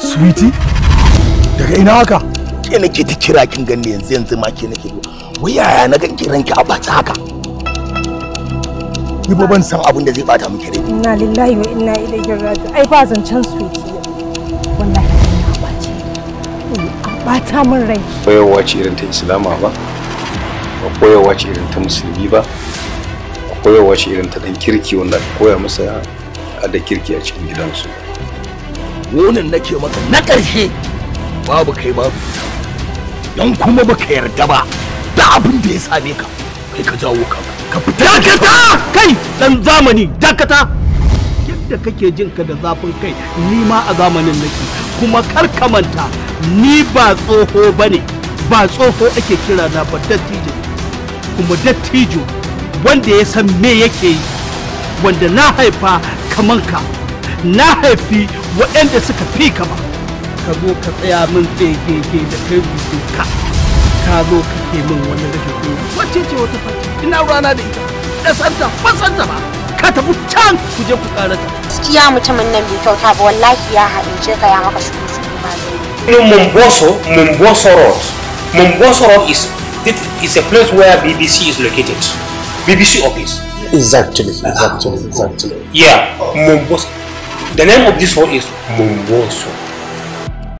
Sweetie? Daga ina haka? Ke nake ta kira kin ganni yanzu yanzu ma ke nake Wai yaya na ga kiran ki a bata haka? Ni ba ban san abin da zai bata miki rai. Inna lillahi wa inna ilaihi raji'un. Ai ba zancen sweetie. Wallahi na bace. Bata min rai. Koyarwa ce irin ta Islama ba. Ba koyarwa ce irin ta Musulmi ba. Koyarwa ce irin ta dan kirki wanda koya masa a da kirki a cikin gidansu. wonin nake maka na ƙarshe babu kai babu don kuma baka yarda ba da abin da ya same ka kai ka jawo ka ka fita dakata kai dan zamani dakata yadda kake jin ka da zafin kai ni ma a zamanin nake kuma kar ka manta ni ba tsoho bane ba tsoho ake kira na ba dattijo kuma dattijo wanda ya san me yake yi wanda na haifa kaman ka na haifi waɗanda suka fi ka ba ka zo ka tsaya min tsegege da kai rubutu ka ka zo ka ke min wani rage kunya wacce ce wata fata ina rana da ita ƙasanta fasanta ba ka tafi can ku je ku karata gaskiya mutumin nan bai kyauta ba wallahi ya ce ka ya maka su ne ba zai Mumboso, Mumboso Road. Mumboso Road is it is a place where BBC is located. BBC office. Exactly, exactly, exactly. Yeah, Mumboso. The name of this one is Mumboso.